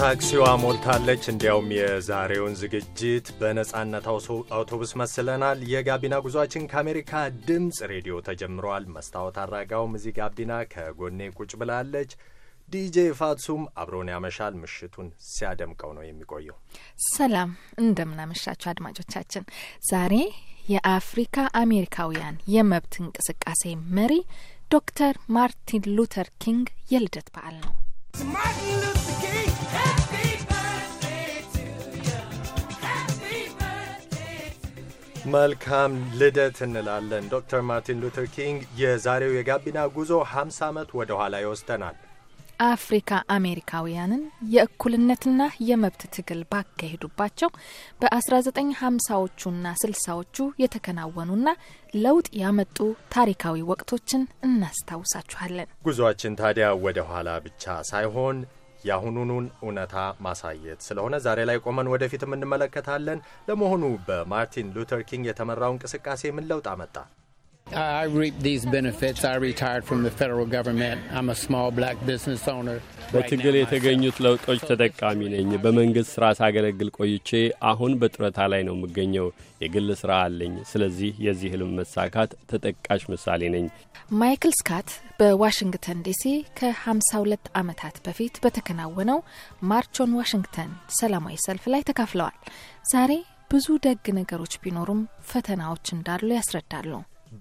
ታክሲዋ ሞልታለች። እንዲያውም የዛሬውን ዝግጅት በነጻነት አውቶቡስ መስለናል። የጋቢና ጉዟችን ከአሜሪካ ድምፅ ሬዲዮ ተጀምረዋል። መስታወት አራጋውም እዚህ ጋቢና ከጎኔ ቁጭ ብላለች። ዲጄ ፋትሱም አብሮን ያመሻል። ምሽቱን ሲያደምቀው ነው የሚቆየው። ሰላም እንደምናመሻችሁ አድማጮቻችን። ዛሬ የአፍሪካ አሜሪካውያን የመብት እንቅስቃሴ መሪ ዶክተር ማርቲን ሉተር ኪንግ የልደት በዓል ነው። መልካም ልደት እንላለን ዶክተር ማርቲን ሉተር ኪንግ። የዛሬው የጋቢና ጉዞ 50 ዓመት ወደ ኋላ ይወስደናል። አፍሪካ አሜሪካውያንን የእኩልነትና የመብት ትግል ባካሄዱባቸው በ1950ዎቹና 60ዎቹ የተከናወኑና ለውጥ ያመጡ ታሪካዊ ወቅቶችን እናስታውሳችኋለን። ጉዞአችን ታዲያ ወደ ኋላ ብቻ ሳይሆን የአሁኑኑን እውነታ ማሳየት ስለሆነ ዛሬ ላይ ቆመን ወደፊት እንመለከታለን። ለመሆኑ በማርቲን ሉተር ኪንግ የተመራው እንቅስቃሴ ምን ለውጥ አመጣ? I reap these benefits. I retired from the federal government. I'm a small black business owner. በትግል የተገኙት ለውጦች ተጠቃሚ ነኝ። በመንግሥት ሥራ ሳገለግል ቆይቼ አሁን በጡረታ ላይ ነው የምገኘው። የግል ሥራ አለኝ። ስለዚህ የዚህ ህልም መሳካት ተጠቃሽ ምሳሌ ነኝ። ማይክል ስካት በዋሽንግተን ዲሲ ከ52 ዓመታት በፊት በተከናወነው ማርቾን ዋሽንግተን ሰላማዊ ሰልፍ ላይ ተካፍለዋል። ዛሬ ብዙ ደግ ነገሮች ቢኖሩም ፈተናዎች እንዳሉ ያስረዳሉ።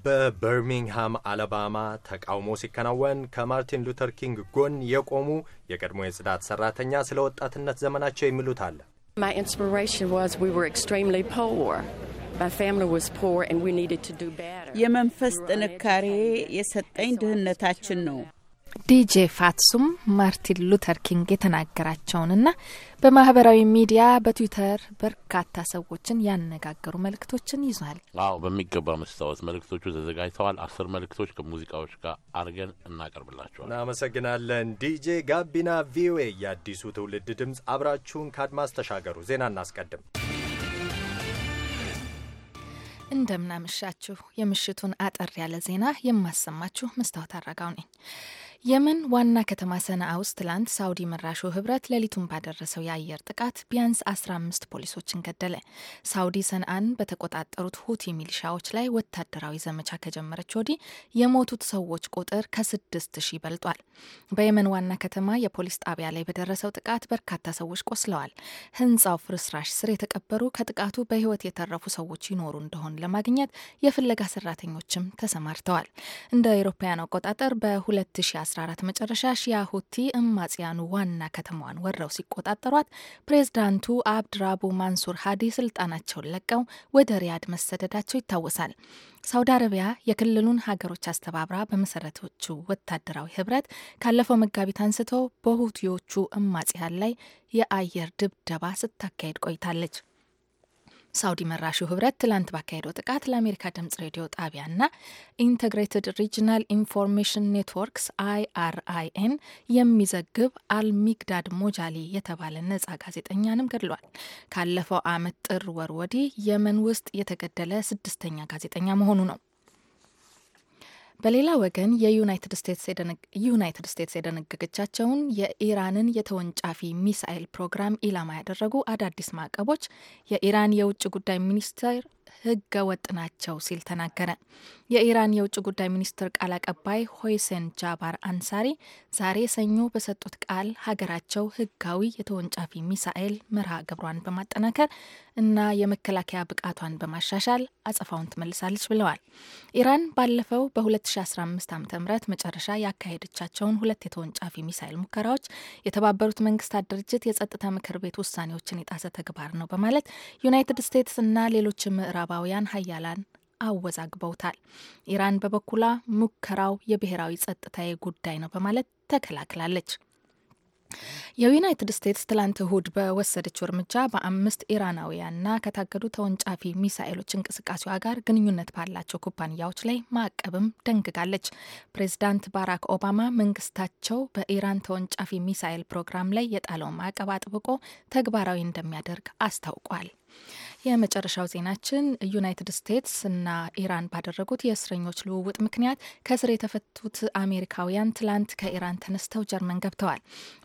በበርሚንግሃም አለባማ ተቃውሞ ሲከናወን ከማርቲን ሉተር ኪንግ ጎን የቆሙ የቀድሞ የጽዳት ሰራተኛ ስለ ወጣትነት ዘመናቸው የሚሉት አለ። የመንፈስ ጥንካሬ የሰጠኝ ድህነታችን ነው። ዲጄ ፋትሱም ማርቲን ሉተር ኪንግ የተናገራቸውንና በማህበራዊ ሚዲያ በትዊተር በርካታ ሰዎችን ያነጋገሩ መልእክቶችን ይዟል። አዎ በሚገባ መስታወት መልእክቶቹ ተዘጋጅተዋል። አስር መልእክቶች ከሙዚቃዎች ጋር አድርገን እናቀርብላቸዋል። እናመሰግናለን። ዲጄ ጋቢና ቪኦኤ የአዲሱ ትውልድ ድምፅ፣ አብራችሁን ከአድማስ ተሻገሩ። ዜና እናስቀድም። እንደምናመሻችሁ። የምሽቱን አጠር ያለ ዜና የማሰማችሁ መስታወት አረጋው ነኝ። የመን ዋና ከተማ ሰነአ ውስጥ ትላንት ሳውዲ መራሹ ህብረት ሌሊቱን ባደረሰው የአየር ጥቃት ቢያንስ 15 ፖሊሶችን ገደለ። ሳውዲ ሰነአን በተቆጣጠሩት ሁቲ ሚሊሻዎች ላይ ወታደራዊ ዘመቻ ከጀመረች ወዲህ የሞቱት ሰዎች ቁጥር ከ6000 በልጧል። በየመን ዋና ከተማ የፖሊስ ጣቢያ ላይ በደረሰው ጥቃት በርካታ ሰዎች ቆስለዋል። ህንፃው ፍርስራሽ ስር የተቀበሩ ከጥቃቱ በህይወት የተረፉ ሰዎች ይኖሩ እንደሆን ለማግኘት የፍለጋ ሰራተኞችም ተሰማርተዋል። እንደ አውሮፓውያን አቆጣጠር በ 2014 መጨረሻ ሺያ ሁቲ እማጽያኑ ዋና ከተማዋን ወረው ሲቆጣጠሯት ፕሬዝዳንቱ አብድራቡ ማንሱር ሀዲ ስልጣናቸውን ለቀው ወደ ሪያድ መሰደዳቸው ይታወሳል። ሳውዲ አረቢያ የክልሉን ሀገሮች አስተባብራ በመሰረቶቹ ወታደራዊ ህብረት ካለፈው መጋቢት አንስቶ በሁቲዎቹ እማጽያን ላይ የአየር ድብደባ ስታካሄድ ቆይታለች። ሳውዲ መራሹ ህብረት ትላንት ባካሄደው ጥቃት ለአሜሪካ ድምጽ ሬዲዮ ጣቢያና ኢንተግሬትድ ሪጅናል ኢንፎርሜሽን ኔትወርክስ አይአርአይኤን የሚዘግብ አልሚግዳድ ሞጃሊ የተባለ ነጻ ጋዜጠኛንም ገድሏል። ካለፈው ዓመት ጥር ወር ወዲህ የመን ውስጥ የተገደለ ስድስተኛ ጋዜጠኛ መሆኑ ነው። በሌላ ወገን የዩናይትድ ስቴትስ የደነገገቻቸውን የኢራንን የተወንጫፊ ሚሳኤል ፕሮግራም ኢላማ ያደረጉ አዳዲስ ማዕቀቦች የኢራን የውጭ ጉዳይ ሚኒስቴር ህገ ወጥ ናቸው ሲል ተናገረ። የኢራን የውጭ ጉዳይ ሚኒስትር ቃል አቀባይ ሆይሴን ጃባር አንሳሪ ዛሬ ሰኞ በሰጡት ቃል ሀገራቸው ህጋዊ የተወንጫፊ ሚሳኤል መርሃ ግብሯን በማጠናከር እና የመከላከያ ብቃቷን በማሻሻል አጸፋውን ትመልሳለች ብለዋል። ኢራን ባለፈው በ2015 ዓ ም መጨረሻ ያካሄደቻቸውን ሁለት የተወንጫፊ ሚሳኤል ሙከራዎች የተባበሩት መንግስታት ድርጅት የጸጥታ ምክር ቤት ውሳኔዎችን የጣሰ ተግባር ነው በማለት ዩናይትድ ስቴትስ እና ሌሎች ምዕራብ ምዕራባውያን ሀያላን አወዛግበውታል። ኢራን በበኩሏ ሙከራው የብሔራዊ ጸጥታዊ ጉዳይ ነው በማለት ተከላክላለች። የዩናይትድ ስቴትስ ትላንት እሁድ በወሰደችው እርምጃ በአምስት ኢራናውያንና ከታገዱ ተወንጫፊ ሚሳኤሎች እንቅስቃሴዋ ጋር ግንኙነት ባላቸው ኩባንያዎች ላይ ማዕቀብም ደንግጋለች። ፕሬዚዳንት ባራክ ኦባማ መንግስታቸው በኢራን ተወንጫፊ ሚሳኤል ፕሮግራም ላይ የጣለውን ማዕቀብ አጥብቆ ተግባራዊ እንደሚያደርግ አስታውቋል። የመጨረሻው ዜናችን ዩናይትድ ስቴትስ እና ኢራን ባደረጉት የእስረኞች ልውውጥ ምክንያት ከእስር የተፈቱት አሜሪካውያን ትላንት ከኢራን ተነስተው ጀርመን ገብተዋል።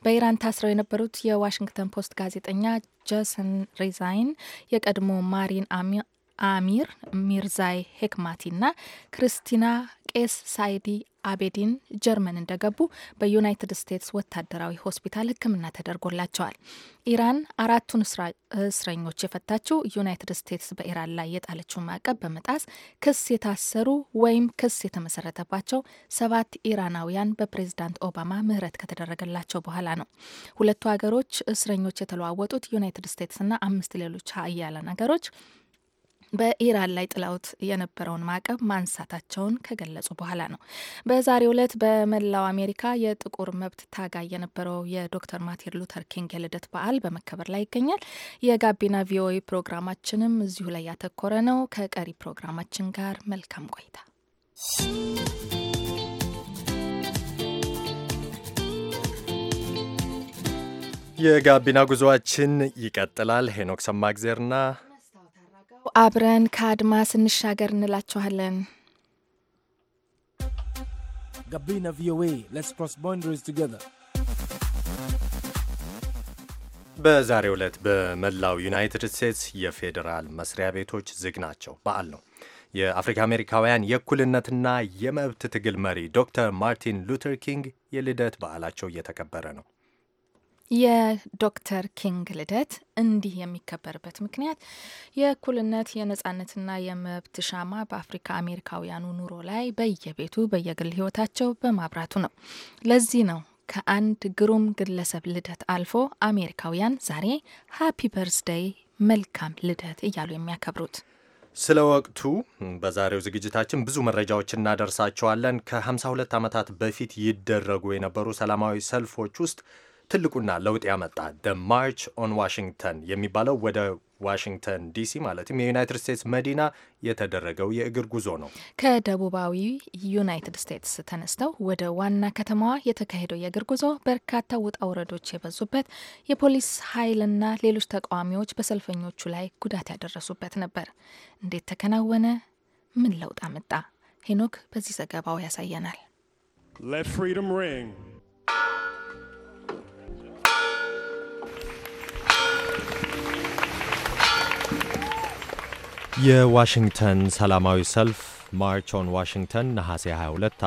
በኢራን ታስረው የነበሩት የዋሽንግተን ፖስት ጋዜጠኛ ጀሰን ሪዛይን የቀድሞ ማሪን አሚር ሚርዛይ ሄክማቲ እና ክርስቲና ቄስ ሳይዲ አቤዲን ጀርመን እንደገቡ በዩናይትድ ስቴትስ ወታደራዊ ሆስፒታል ሕክምና ተደርጎላቸዋል። ኢራን አራቱን እስረኞች የፈታችው ዩናይትድ ስቴትስ በኢራን ላይ የጣለችውን ማዕቀብ በመጣስ ክስ የታሰሩ ወይም ክስ የተመሰረተባቸው ሰባት ኢራናውያን በፕሬዝዳንት ኦባማ ምህረት ከተደረገላቸው በኋላ ነው። ሁለቱ ሀገሮች እስረኞች የተለዋወጡት ዩናይትድ ስቴትስና አምስት ሌሎች ሀያላን ሀገሮች በኢራን ላይ ጥላውት የነበረውን ማዕቀብ ማንሳታቸውን ከገለጹ በኋላ ነው። በዛሬው ዕለት በመላው አሜሪካ የጥቁር መብት ታጋይ የነበረው የዶክተር ማርቲን ሉተር ኪንግ የልደት በዓል በመከበር ላይ ይገኛል። የጋቢና ቪኦኤ ፕሮግራማችንም እዚሁ ላይ ያተኮረ ነው። ከቀሪ ፕሮግራማችን ጋር መልካም ቆይታ። የጋቢና ጉዞአችን ይቀጥላል። ሄኖክ ሰማግዜርና አብረን ከአድማስ እንሻገር እንላችኋለን። ጋቢና ቪኦኤ ሌትስ ክሮስ ቦንደሪስ ቱጌዘር በዛሬው ዕለት በመላው ዩናይትድ ስቴትስ የፌዴራል መስሪያ ቤቶች ዝግ ናቸው። በዓል ነው። የአፍሪካ አሜሪካውያን የእኩልነትና የመብት ትግል መሪ ዶክተር ማርቲን ሉተር ኪንግ የልደት በዓላቸው እየተከበረ ነው። የዶክተር ኪንግ ልደት እንዲህ የሚከበርበት ምክንያት የእኩልነት የነጻነትና የመብት ሻማ በአፍሪካ አሜሪካውያኑ ኑሮ ላይ በየቤቱ በየግል ህይወታቸው በማብራቱ ነው። ለዚህ ነው ከአንድ ግሩም ግለሰብ ልደት አልፎ አሜሪካውያን ዛሬ ሃፒ በርዝደይ መልካም ልደት እያሉ የሚያከብሩት። ስለ ወቅቱ በዛሬው ዝግጅታችን ብዙ መረጃዎች እናደርሳቸዋለን። ከ52 ዓመታት በፊት ይደረጉ የነበሩ ሰላማዊ ሰልፎች ውስጥ ትልቁና ለውጥ ያመጣ ደ ማርች ኦን ዋሽንግተን የሚባለው ወደ ዋሽንግተን ዲሲ ማለትም የዩናይትድ ስቴትስ መዲና የተደረገው የእግር ጉዞ ነው። ከደቡባዊ ዩናይትድ ስቴትስ ተነስተው ወደ ዋና ከተማዋ የተካሄደው የእግር ጉዞ በርካታ ውጣ ውረዶች የበዙበት፣ የፖሊስ ኃይልና ሌሎች ተቃዋሚዎች በሰልፈኞቹ ላይ ጉዳት ያደረሱበት ነበር። እንዴት ተከናወነ? ምን ለውጥ አመጣ? ሄኖክ በዚህ ዘገባው ያሳየናል። የዋሽንግተን ሰላማዊ ሰልፍ ማርች ኦን ዋሽንግተን ነሐሴ 22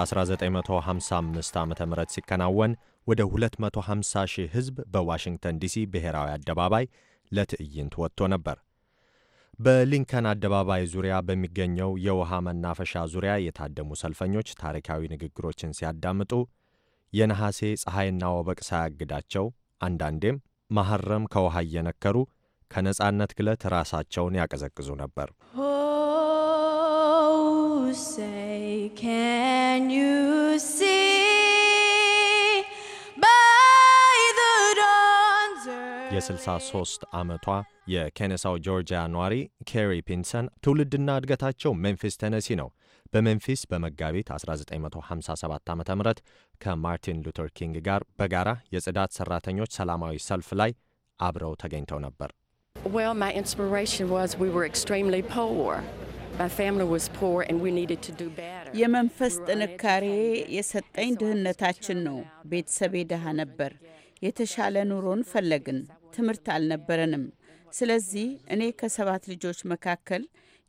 1955 ዓ ም ሲከናወን ወደ 250 ሺህ ሕዝብ በዋሽንግተን ዲሲ ብሔራዊ አደባባይ ለትዕይንት ወጥቶ ነበር። በሊንከን አደባባይ ዙሪያ በሚገኘው የውሃ መናፈሻ ዙሪያ የታደሙ ሰልፈኞች ታሪካዊ ንግግሮችን ሲያዳምጡ የነሐሴ ፀሐይና ወበቅ ሳያግዳቸው አንዳንዴም መሐረም ከውሃ እየነከሩ ከነጻነት ግለት ራሳቸውን ያቀዘቅዙ ነበር። የ63 ዓመቷ የኬነሳው ጆርጂያ ኗሪ ኬሪ ፒንሰን ትውልድና እድገታቸው ሜምፊስ ቴነሲ ነው። በሜምፊስ በመጋቢት 1957 ዓ ም ከማርቲን ሉተር ኪንግ ጋር በጋራ የጽዳት ሠራተኞች ሰላማዊ ሰልፍ ላይ አብረው ተገኝተው ነበር። Well, my inspiration was we were extremely poor. My family was poor and we needed to do better. የመንፈስ ጥንካሬ የሰጠኝ ድህነታችን ነው። ቤተሰቤ ድሃ ነበር። የተሻለ ኑሮን ፈለግን። ትምህርት አልነበረንም። ስለዚህ እኔ ከሰባት ልጆች መካከል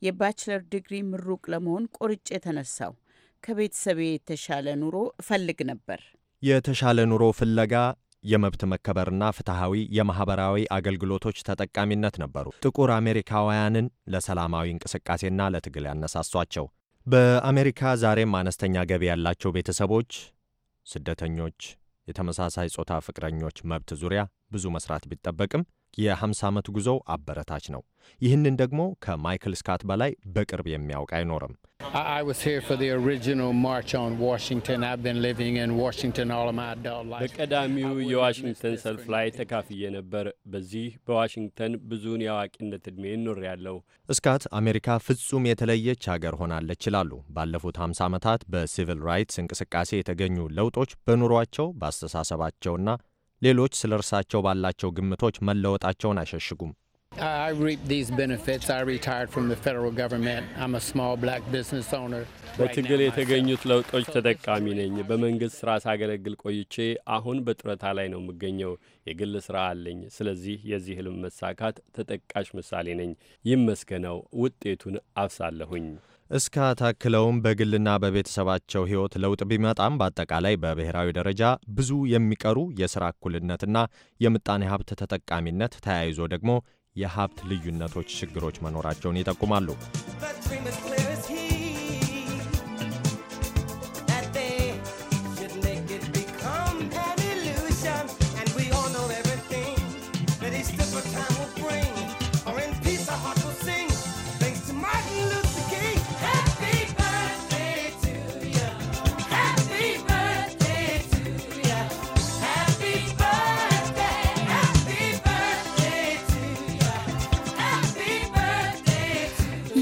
የባችለር ዲግሪ ምሩቅ ለመሆን ቆርጬ የተነሳው ከቤተሰቤ የተሻለ ኑሮ እፈልግ ነበር። የተሻለ ኑሮ ፍለጋ የመብት መከበርና ፍትሐዊ የማኅበራዊ አገልግሎቶች ተጠቃሚነት ነበሩ ጥቁር አሜሪካውያንን ለሰላማዊ እንቅስቃሴና ለትግል ያነሳሷቸው። በአሜሪካ ዛሬም አነስተኛ ገቢ ያላቸው ቤተሰቦች፣ ስደተኞች፣ የተመሳሳይ ጾታ ፍቅረኞች መብት ዙሪያ ብዙ መስራት ቢጠበቅም የ50 ዓመት ጉዞው አበረታች ነው። ይህንን ደግሞ ከማይክል ስካት በላይ በቅርብ የሚያውቅ አይኖርም። በቀዳሚው የዋሽንግተን ሰልፍ ላይ ተካፍዬ ነበር። በዚህ በዋሽንግተን ብዙውን የአዋቂነት ዕድሜ ያለው ስካት አሜሪካ ፍጹም የተለየች ሀገር ሆናለች ይላሉ። ባለፉት 50 ዓመታት በሲቪል ራይትስ እንቅስቃሴ የተገኙ ለውጦች በኑሯቸው፣ በአስተሳሰባቸውና ሌሎች ስለ እርሳቸው ባላቸው ግምቶች መለወጣቸውን አይሸሽጉም። በትግል የተገኙት ለውጦች ተጠቃሚ ነኝ። በመንግሥት ሥራ ሳገለግል ቆይቼ አሁን በጡረታ ላይ ነው የምገኘው። የግል ሥራ አለኝ። ስለዚህ የዚህ ህልም መሳካት ተጠቃሽ ምሳሌ ነኝ። ይመስገነው፣ ውጤቱን አፍሳለሁኝ። እስከ ታክለውም በግልና በቤተሰባቸው ሕይወት ለውጥ ቢመጣም በአጠቃላይ በብሔራዊ ደረጃ ብዙ የሚቀሩ የሥራ እኩልነትና የምጣኔ ሀብት ተጠቃሚነት ተያይዞ ደግሞ የሀብት ልዩነቶች ችግሮች መኖራቸውን ይጠቁማሉ።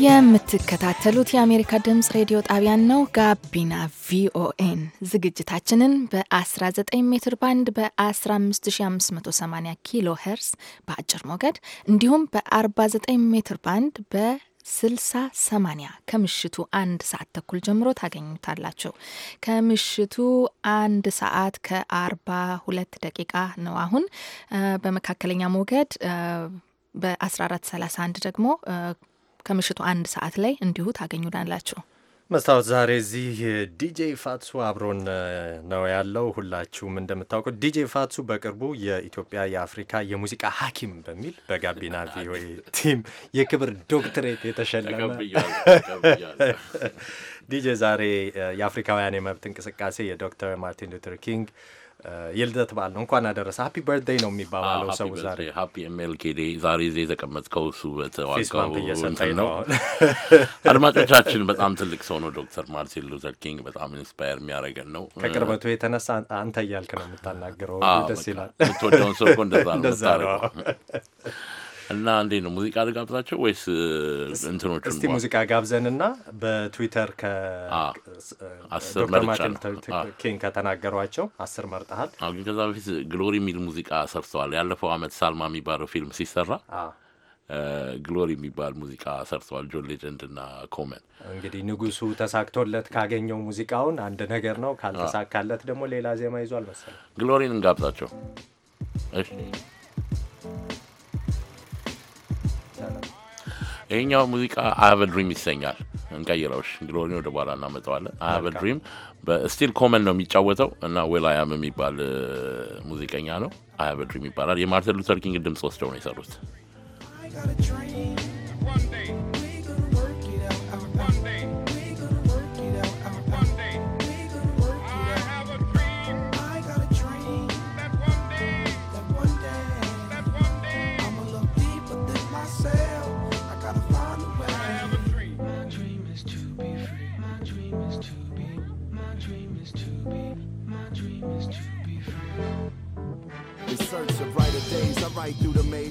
የምትከታተሉት የአሜሪካ ድምጽ ሬዲዮ ጣቢያን ነው። ጋቢና ቪኦኤን ዝግጅታችንን በ19 ሜትር ባንድ በ15580 ኪሎ ሄርስ በአጭር ሞገድ እንዲሁም በ49 ሜትር ባንድ በ ስልሳ 8 ከምሽቱ አንድ ሰዓት ተኩል ጀምሮ ታገኙታላችሁ። ከምሽቱ አንድ ሰዓት ከአርባ ሁለት ደቂቃ ነው አሁን በመካከለኛ ሞገድ በ1431 ደግሞ ከምሽቱ አንድ ሰዓት ላይ እንዲሁ ታገኙናላችሁ። መስታወት ዛሬ እዚህ ዲጄ ፋትሱ አብሮን ነው ያለው። ሁላችሁም እንደምታውቁት ዲጄ ፋትሱ በቅርቡ የኢትዮጵያ የአፍሪካ የሙዚቃ ሐኪም በሚል በጋቢና ቪኦኤ ቲም የክብር ዶክትሬት የተሸለመ ዲጄ ዛሬ የአፍሪካውያን የመብት እንቅስቃሴ የዶክተር ማርቲን ሉተር ኪንግ የልደት በዓል ነው። እንኳን አደረሰ ሀፒ በርትዴይ ነው የሚባባለው ሰው ዛሬ ሀፒ ኤምኤልኬ ዴይ ዛሬ ዜ የተቀመጥከው እሱ በተዋጋው ነው። አድማጮቻችን፣ በጣም ትልቅ ሰው ነው ዶክተር ማርቲን ሉተር ኪንግ። በጣም ኢንስፓየር የሚያደርገን ነው። ከቅርበቱ የተነሳ አንተ እያልክ ነው የምታናግረው። ደስ ይላል። የምትወደውን ሰው እኮ እንደዛ ነው። እና እንዴ ነው ሙዚቃ ልጋብዛቸው ወይስ እንትኖቹን? እስቲ ሙዚቃ ጋብዘን እና በትዊተር ከዶክተር ኪንግ ከተናገሯቸው አስር መርጠሃል። አሁን ከዛ በፊት ግሎሪ የሚል ሙዚቃ ሰርተዋል። ያለፈው ዓመት ሳልማ የሚባለው ፊልም ሲሰራ ግሎሪ የሚባል ሙዚቃ ሰርተዋል። ጆን ሌጀንድ እና ኮመን። እንግዲህ ንጉሱ ተሳክቶለት ካገኘው ሙዚቃውን አንድ ነገር ነው፣ ካልተሳካለት ደግሞ ሌላ ዜማ ይዟል መሰለኝ። ግሎሪን እንጋብዛቸው። እሺ ይቻላል። ይህኛው ሙዚቃ አያበ ድሪም ይሰኛል። እንቀይረውሽ ግሎሪ ወደ በኋላ እናመጣዋለን። አያበ ድሪም በስቲል ኮመን ነው የሚጫወተው እና ዌላያም የሚባል ሙዚቀኛ ነው። አያበ ድሪም ይባላል። የማርቲን ሉተር ኪንግ ድምፅ ወስደው ነው የሰሩት።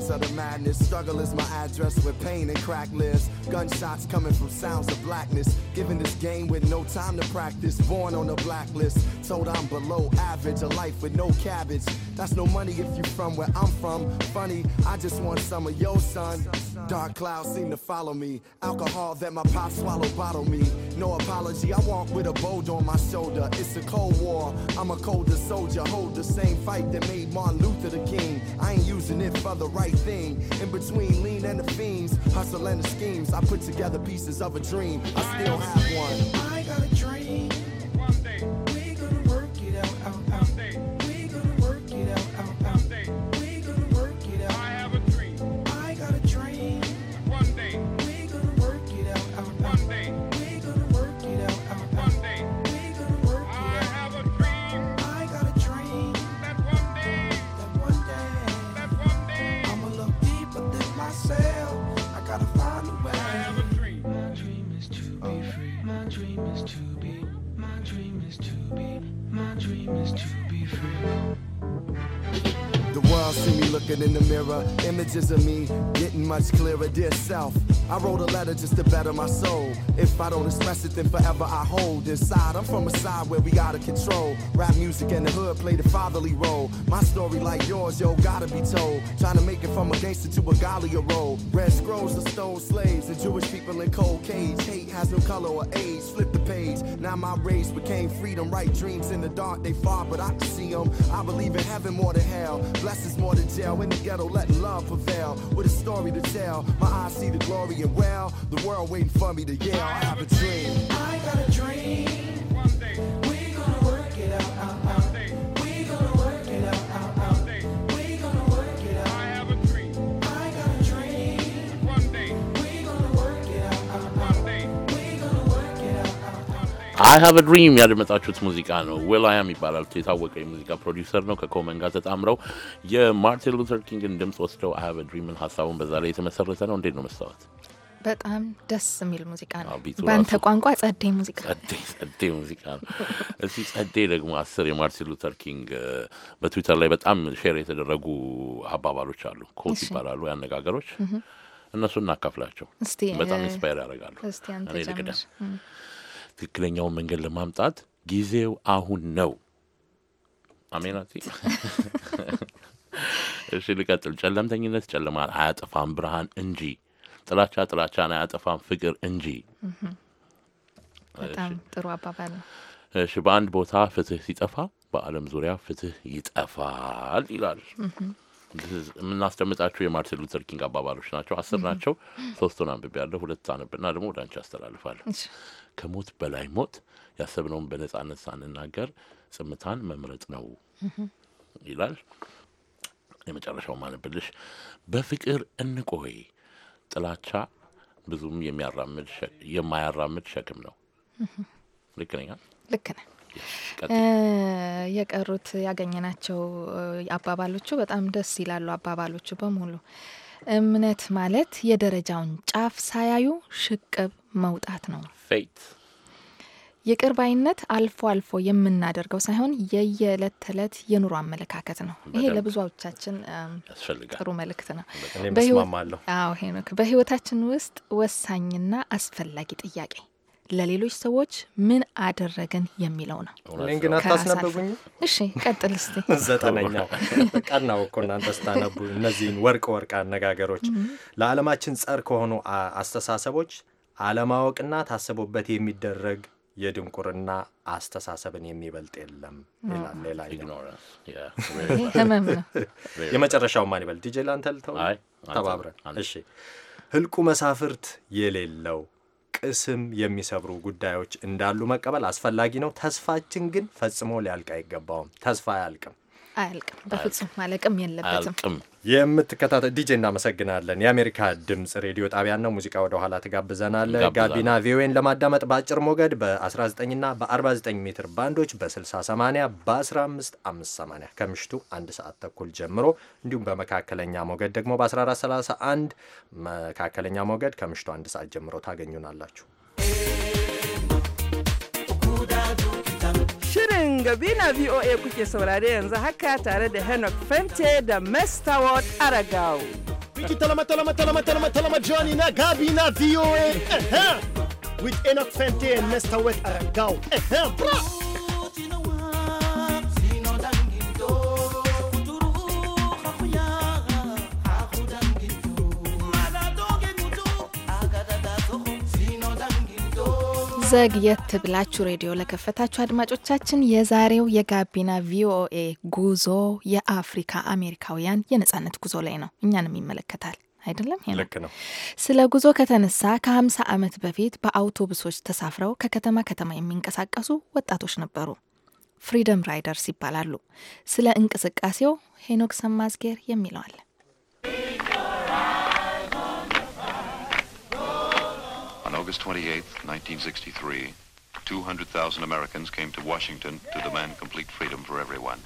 streets of the madness. Struggle is my address with pain and crack lives. Gunshots coming from sounds of blackness. Given this game with no time to practice. Born on the blacklist. Told I'm below average. A life with no cabbage. That's no money if you from where I'm from. Funny, I just want some of your son. Dark clouds seem to follow me. Alcohol that my pop swallowed bottle me. No apology, I walk with a bold on my shoulder. It's a cold war. I'm a colder soldier. Hold the same fight that made Martin Luther the king. I ain't using it for the right thing. In between lean and the fiends, hustle and the schemes. I put together pieces of a dream. I still have, have one. I got a dream. name is too see me looking in the mirror. Images of me getting much clearer. Dear self, I wrote a letter just to better my soul. If I don't express it, then forever I hold inside. I'm from a side where we gotta control. Rap music and the hood played a fatherly role. My story, like yours, yo, gotta be told. Trying to make it from a gangster to a Galia role. Red scrolls to stone slaves and Jewish people in cold cage. Hate has no color or age. Flip the page. Now my race became freedom. Right dreams in the dark, they far, but I can see them. I believe in heaven more than hell. Blessings more than jail. In the ghetto, let love prevail. With a story to tell, my eyes see the glory and well, the world waiting for me to yell. I have a dream. I got a dream. አይ ሀቭ ድሪም ያደመጣችሁት ሙዚቃ ነው። ዊልያም ይባላል። የታወቀ የሙዚቃ ፕሮዲውሰር ነው። ከኮመን ጋር ተጣምረው የማርቲን ሉተር ኪንግን ድምፅ ወስደው አይ ሀቭ ድሪምን ሀሳቡን በዛ ላይ የተመሰረተ ነው። እንዴት ነው መስታወት? በጣም ደስ የሚል ሙዚቃ ነው። በአንተ ቋንቋ ጸዴ ሙዚቃ ጸዴ ሙዚቃ ነው። እዚ ጸዴ ደግሞ አስር የማርቲን ሉተር ኪንግ በትዊተር ላይ በጣም ሼር የተደረጉ አባባሎች አሉ። ኮት ይባላሉ ያነጋገሮች። እነሱ እናካፍላቸው። በጣም ኢንስፓየር ያደርጋሉ። እኔ ልቅደም ትክክለኛውን መንገድ ለማምጣት ጊዜው አሁን ነው። አሜናቲ እሺ ልቀጥል። ጨለምተኝነት ጨለማን አያጠፋም ብርሃን እንጂ፣ ጥላቻ ጥላቻን አያጠፋም ፍቅር እንጂ። በጣም ጥሩ አባባል ነው። እሺ በአንድ ቦታ ፍትህ ሲጠፋ በዓለም ዙሪያ ፍትህ ይጠፋል ይላል። የምናስደምጣቸው የማርቲን ሉተር ኪንግ አባባሎች ናቸው። አስር ናቸው። ሶስቱን አንብቤ ያለሁ ሁለት አንብና ደግሞ ወደ አንቺ አስተላልፋለሁ። ከሞት በላይ ሞት ያሰብነውን በነጻነት ሳንናገር ጽምታን መምረጥ ነው ይላል። የመጨረሻው ማንብልሽ በፍቅር እንቆይ። ጥላቻ ብዙም የሚያራምድ የማያራምድ ሸክም ነው። ልክ ነኛ? ልክ ነህ። የቀሩት ያገኘናቸው አባባሎቹ በጣም ደስ ይላሉ። አባባሎቹ በሙሉ እምነት ማለት የደረጃውን ጫፍ ሳያዩ ሽቅብ መውጣት ነው። ፌት ይቅር አልፎ አልፎ የምናደርገው ሳይሆን የየዕለት ተዕለት የኑሮ አመለካከት ነው። ይሄ ለብዙዎቻችን ጥሩ መልእክት ነው። በህይወታችን ውስጥ ወሳኝና አስፈላጊ ጥያቄ ለሌሎች ሰዎች ምን አደረግን የሚለው ነው። ግን አታስነብቡኝ። እሺ ቀጥል እስቲ። ዘጠነኛ ቀናው እኮ እናንተ ስታነቡ እነዚህን ወርቅ ወርቅ አነጋገሮች ለዓለማችን ጸር ከሆኑ አስተሳሰቦች አለማወቅና ታስቦበት የሚደረግ የድንቁርና አስተሳሰብን የሚበልጥ የለም ይላል። ሌላኛው የመጨረሻው ማን ይበልጥ? ዲጄ ላንተ ልተው ተባብረን። እሺ ህልቁ መሳፍርት የሌለው ስም የሚሰብሩ ጉዳዮች እንዳሉ መቀበል አስፈላጊ ነው። ተስፋችን ግን ፈጽሞ ሊያልቅ አይገባውም። ተስፋ አያልቅም። አያልቅም። በፍጹም ማለቅም የለበትም። የምትከታተል ዲጄ እናመሰግናለን። የአሜሪካ ድምጽ ሬዲዮ ጣቢያ ነው። ሙዚቃ ወደ ኋላ ትጋብዘናል። ጋቢና ቪኦኤን ለማዳመጥ በአጭር ሞገድ በ19 ና በ49 ሜትር ባንዶች በ6080 በ15580 ከምሽቱ አንድ ሰዓት ተኩል ጀምሮ እንዲሁም በመካከለኛ ሞገድ ደግሞ በ1431 መካከለኛ ሞገድ ከምሽቱ አንድ ሰዓት ጀምሮ ታገኙናላችሁ። Shirin Gabina VOA kuke saurare yanzu haka tare da henok Fente da Mestaward Aragao. Wiki talama talama talama talama talama Johnny na Gabina VOA. With henok Fente and Mestaward Aragao. ዘግየት ብላችሁ ሬዲዮ ለከፈታችሁ አድማጮቻችን የዛሬው የጋቢና ቪኦኤ ጉዞ የአፍሪካ አሜሪካውያን የነጻነት ጉዞ ላይ ነው። እኛንም ይመለከታል አይደለም? ልክ ነው። ስለ ጉዞ ከተነሳ ከ50 ዓመት በፊት በአውቶቡሶች ተሳፍረው ከከተማ ከተማ የሚንቀሳቀሱ ወጣቶች ነበሩ። ፍሪደም ራይደርስ ይባላሉ። ስለ እንቅስቃሴው ሄኖክ ሰማዝጌር የሚለዋል August 28, th 1963, 200,000 Americans came to Washington to demand complete freedom for everyone.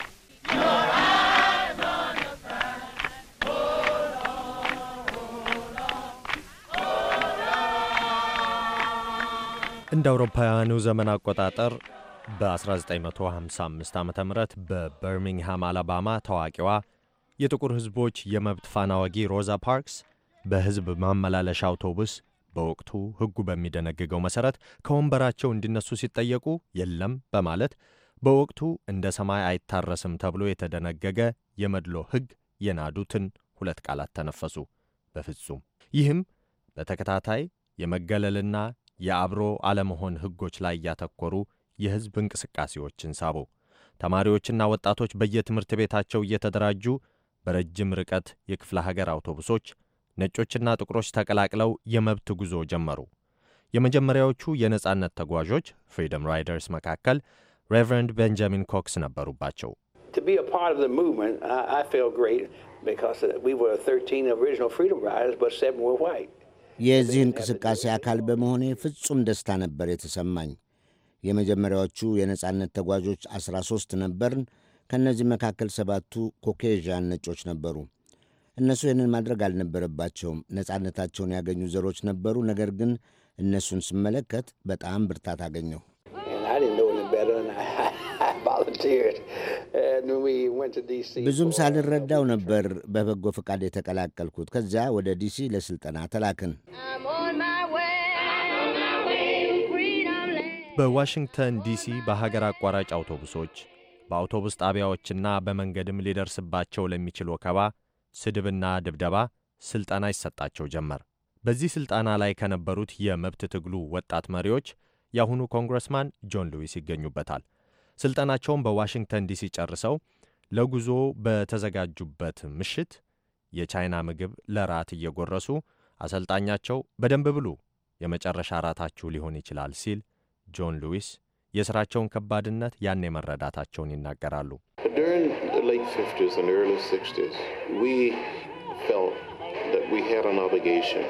እንደ አውሮፓውያኑ ዘመን አቆጣጠር በ1955 ዓ ም በበርሚንግሃም አላባማ ታዋቂዋ የጥቁር ሕዝቦች የመብት ፋና ወጊ ሮዛ ፓርክስ በሕዝብ ማመላለሻ አውቶቡስ በወቅቱ ሕጉ በሚደነግገው መሠረት ከወንበራቸው እንዲነሱ ሲጠየቁ የለም በማለት በወቅቱ እንደ ሰማይ አይታረስም ተብሎ የተደነገገ የመድሎ ሕግ የናዱትን ሁለት ቃላት ተነፈሱ። በፍጹም ይህም በተከታታይ የመገለልና የአብሮ አለመሆን ሕጎች ላይ ያተኮሩ የሕዝብ እንቅስቃሴዎችን ሳቡ። ተማሪዎችና ወጣቶች በየትምህርት ቤታቸው እየተደራጁ በረጅም ርቀት የክፍለ ሀገር አውቶቡሶች ነጮችና ጥቁሮች ተቀላቅለው የመብት ጉዞ ጀመሩ። የመጀመሪያዎቹ የነጻነት ተጓዦች ፍሪደም ራይደርስ መካከል ሬቨረንድ ቤንጃሚን ኮክስ ነበሩባቸው። የዚህ እንቅስቃሴ አካል በመሆኔ ፍጹም ደስታ ነበር የተሰማኝ። የመጀመሪያዎቹ የነጻነት ተጓዦች 13 ነበርን። ከእነዚህ መካከል ሰባቱ ኮኬዣን ነጮች ነበሩ። እነሱ ይህንን ማድረግ አልነበረባቸውም። ነጻነታቸውን ያገኙ ዘሮች ነበሩ። ነገር ግን እነሱን ስመለከት በጣም ብርታት አገኘሁ። ብዙም ሳልረዳው ነበር በበጎ ፈቃድ የተቀላቀልኩት። ከዚያ ወደ ዲሲ ለስልጠና ተላክን። በዋሽንግተን ዲሲ በሀገር አቋራጭ አውቶቡሶች፣ በአውቶቡስ ጣቢያዎችና በመንገድም ሊደርስባቸው ለሚችል ወከባ ስድብና ድብደባ ሥልጠና ይሰጣቸው ጀመር። በዚህ ሥልጠና ላይ ከነበሩት የመብት ትግሉ ወጣት መሪዎች የአሁኑ ኮንግረስማን ጆን ሉዊስ ይገኙበታል። ሥልጠናቸውን በዋሽንግተን ዲሲ ጨርሰው ለጉዞ በተዘጋጁበት ምሽት የቻይና ምግብ ለራት እየጎረሱ አሰልጣኛቸው በደንብ ብሉ፣ የመጨረሻ ራታችሁ ሊሆን ይችላል ሲል ጆን ሉዊስ የሥራቸውን ከባድነት ያኔ መረዳታቸውን ይናገራሉ። 50s and early 60s, we felt that we had an obligation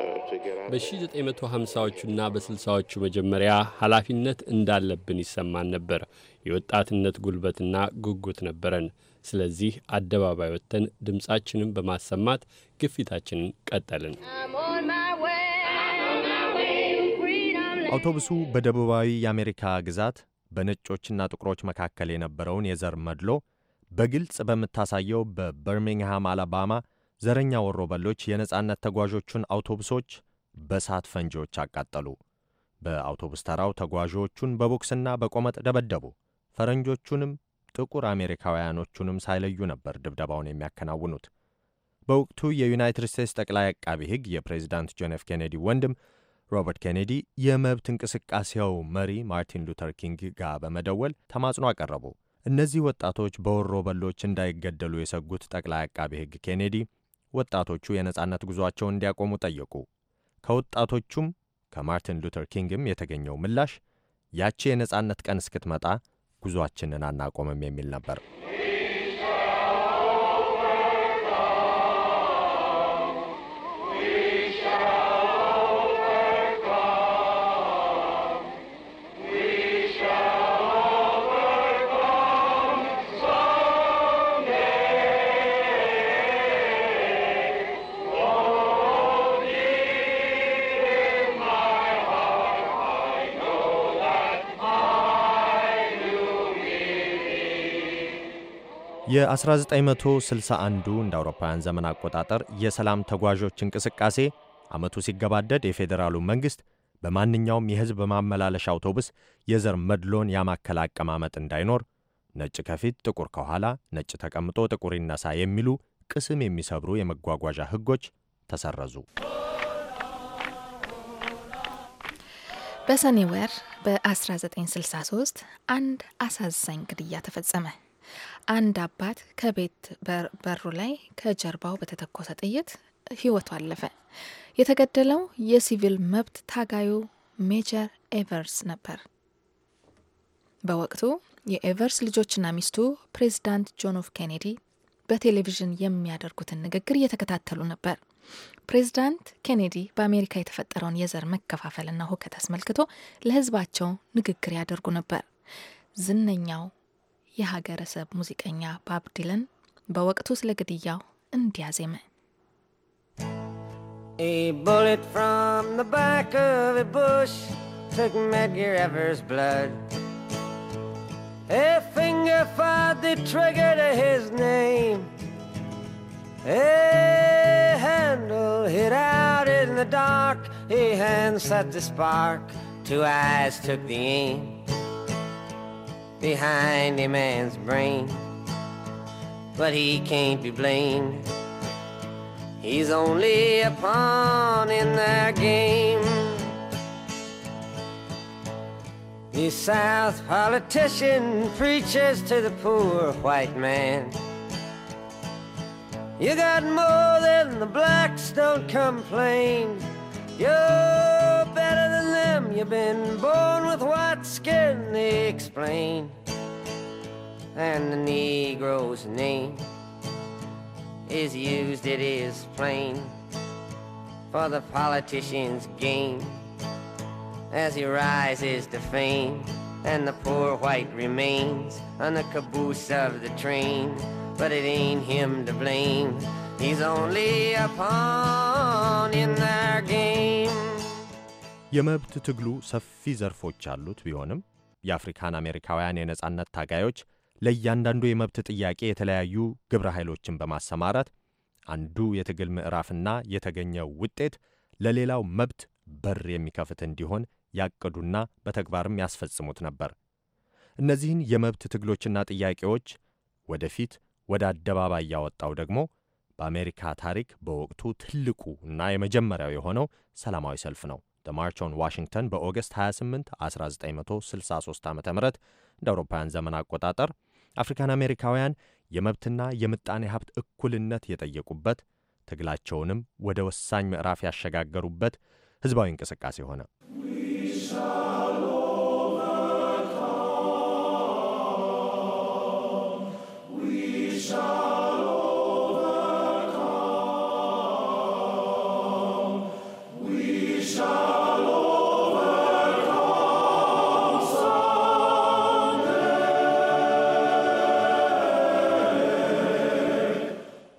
uh, በ1950ዎቹና በ60ዎቹ መጀመሪያ ኃላፊነት እንዳለብን ይሰማን ነበር። የወጣትነት ጉልበትና ጉጉት ነበረን። ስለዚህ አደባባይ ወጥተን ድምፃችንን በማሰማት ግፊታችንን ቀጠልን። አውቶቡሱ በደቡባዊ የአሜሪካ ግዛት በነጮችና ጥቁሮች መካከል የነበረውን የዘር መድሎ በግልጽ በምታሳየው በበርሚንግሃም አላባማ ዘረኛ ወሮበሎች የነጻነት ተጓዦቹን አውቶቡሶች በሳት ፈንጂዎች አቃጠሉ። በአውቶቡስ ተራው ተጓዦቹን በቦክስና በቆመጥ ደበደቡ። ፈረንጆቹንም ጥቁር አሜሪካውያኖቹንም ሳይለዩ ነበር ድብደባውን የሚያከናውኑት። በወቅቱ የዩናይትድ ስቴትስ ጠቅላይ አቃቢ ሕግ የፕሬዚዳንት ጆን ኤፍ ኬኔዲ ወንድም ሮበርት ኬኔዲ የመብት እንቅስቃሴው መሪ ማርቲን ሉተር ኪንግ ጋር በመደወል ተማጽኖ አቀረቡ። እነዚህ ወጣቶች በወሮ በሎች እንዳይገደሉ የሰጉት ጠቅላይ አቃቤ ሕግ ኬኔዲ ወጣቶቹ የነጻነት ጉዟቸውን እንዲያቆሙ ጠየቁ። ከወጣቶቹም ከማርቲን ሉተር ኪንግም የተገኘው ምላሽ ያቺ የነጻነት ቀን እስክትመጣ ጉዟችንን አናቆምም የሚል ነበር። የ1961 እንደ አውሮፓውያን ዘመን አቆጣጠር የሰላም ተጓዦች እንቅስቃሴ ዓመቱ ሲገባደድ የፌዴራሉ መንግሥት በማንኛውም የሕዝብ ማመላለሻ አውቶቡስ የዘር መድሎን ያማከለ አቀማመጥ እንዳይኖር ነጭ ከፊት ጥቁር ከኋላ፣ ነጭ ተቀምጦ ጥቁር ይነሳ የሚሉ ቅስም የሚሰብሩ የመጓጓዣ ሕጎች ተሰረዙ። በሰኔ ወር በ1963 አንድ አሳዛኝ ግድያ ተፈጸመ። አንድ አባት ከቤት በሩ ላይ ከጀርባው በተተኮሰ ጥይት ህይወቱ አለፈ። የተገደለው የሲቪል መብት ታጋዩ ሜጀር ኤቨርስ ነበር። በወቅቱ የኤቨርስ ልጆችና ሚስቱ ፕሬዚዳንት ጆን ኤፍ ኬኔዲ በቴሌቪዥን የሚያደርጉትን ንግግር እየተከታተሉ ነበር። ፕሬዚዳንት ኬኔዲ በአሜሪካ የተፈጠረውን የዘር መከፋፈልና ሁከት አስመልክቶ ለህዝባቸው ንግግር ያደርጉ ነበር። ዝነኛው የሀገረሰብ ሙዚቀኛ ባብ ዲለን በወቅቱ ስለ ግድያው እንዲያዜመ A bullet from the back of a bush took Medgar Evers' blood. A finger fired the trigger to his name. A handle hit out in the dark. A hand set the spark. Two eyes took the aim behind a man's brain. But he can't be blamed. He's only a pawn in their game. The South politician preaches to the poor white man. You got more than the blacks, don't complain. You're better. You've been born with white skin, they explain. And the Negro's name is used, it is plain, for the politician's game as he rises to fame. And the poor white remains on the caboose of the train, but it ain't him to blame. He's only a pawn in their game. የመብት ትግሉ ሰፊ ዘርፎች ያሉት ቢሆንም የአፍሪካን አሜሪካውያን የነጻነት ታጋዮች ለእያንዳንዱ የመብት ጥያቄ የተለያዩ ግብረ ኃይሎችን በማሰማራት አንዱ የትግል ምዕራፍና የተገኘው ውጤት ለሌላው መብት በር የሚከፍት እንዲሆን ያቅዱና በተግባርም ያስፈጽሙት ነበር። እነዚህን የመብት ትግሎችና ጥያቄዎች ወደፊት ወደ አደባባይ ያወጣው ደግሞ በአሜሪካ ታሪክ በወቅቱ ትልቁ እና የመጀመሪያው የሆነው ሰላማዊ ሰልፍ ነው። ማርች ኦን ዋሽንግተን በኦገስት 28 1963 ዓ ም እንደ አውሮፓውያን ዘመን አቆጣጠር አፍሪካን አሜሪካውያን የመብትና የምጣኔ ሀብት እኩልነት የጠየቁበት ትግላቸውንም ወደ ወሳኝ ምዕራፍ ያሸጋገሩበት ሕዝባዊ እንቅስቃሴ ሆነ።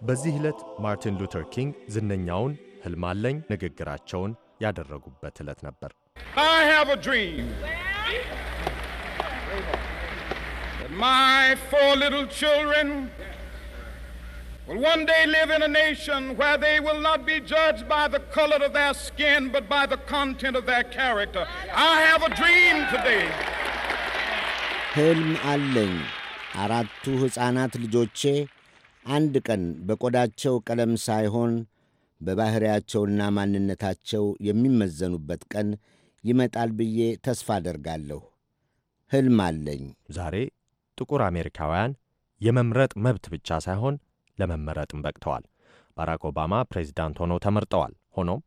በዚህ ዕለት ማርቲን ሉተር ኪንግ ዝነኛውን ህልማለኝ አለኝ ንግግራቸውን ያደረጉበት ዕለት ነበር። ህልም አለኝ አራቱ ሕፃናት ልጆቼ አንድ ቀን በቆዳቸው ቀለም ሳይሆን በባሕርያቸውና ማንነታቸው የሚመዘኑበት ቀን ይመጣል ብዬ ተስፋ አደርጋለሁ። ሕልም አለኝ። ዛሬ ጥቁር አሜሪካውያን የመምረጥ መብት ብቻ ሳይሆን ለመመረጥም በቅተዋል። ባራክ ኦባማ ፕሬዚዳንት ሆነው ተመርጠዋል። ሆኖም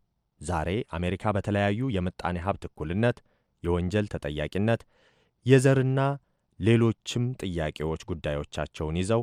ዛሬ አሜሪካ በተለያዩ የምጣኔ ሀብት እኩልነት፣ የወንጀል ተጠያቂነት፣ የዘርና ሌሎችም ጥያቄዎች ጉዳዮቻቸውን ይዘው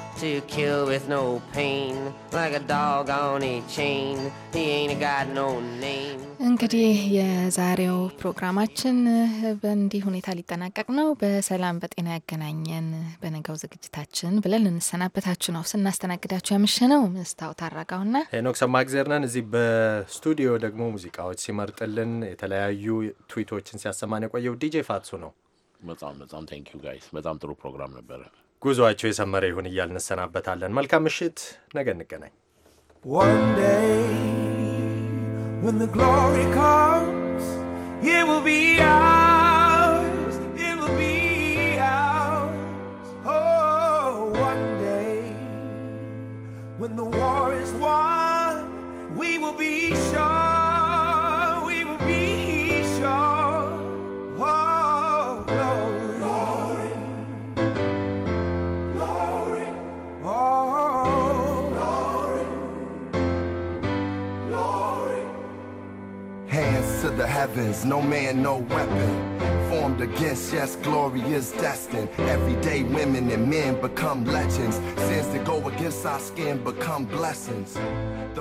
to kill with no pain like a dog on a chain he ain't got no name እንግዲህ የዛሬው ፕሮግራማችን በእንዲህ ሁኔታ ሊጠናቀቅ ነው። በሰላም በጤና ያገናኘን በነገው ዝግጅታችን ብለን ልንሰናበታችሁ ነው። ስናስተናግዳችሁ ያመሸነው ነው መስታወት አራጋውና ሄኖክ ሰማእግዜር ነን። እዚህ በስቱዲዮ ደግሞ ሙዚቃዎች ሲመርጥልን የተለያዩ ትዊቶችን ሲያሰማን የቆየው ዲጄ ፋትሱ ነው። በጣም በጣም ታንኪዩ ጋይስ። በጣም ጥሩ ፕሮግራም ነበረ። ጉዞአቸው የሰመረ ይሁን እያል እንሰናበታለን። መልካም ምሽት፣ ነገ እንገናኝ። One day when the glory comes, it will be ours, it will be ours. Oh, one day when the war is won, we will be sure. heavens, no man, no weapon. Formed against, yes, glory is destined. Everyday women and men become legends. Sins that go against our skin become blessings.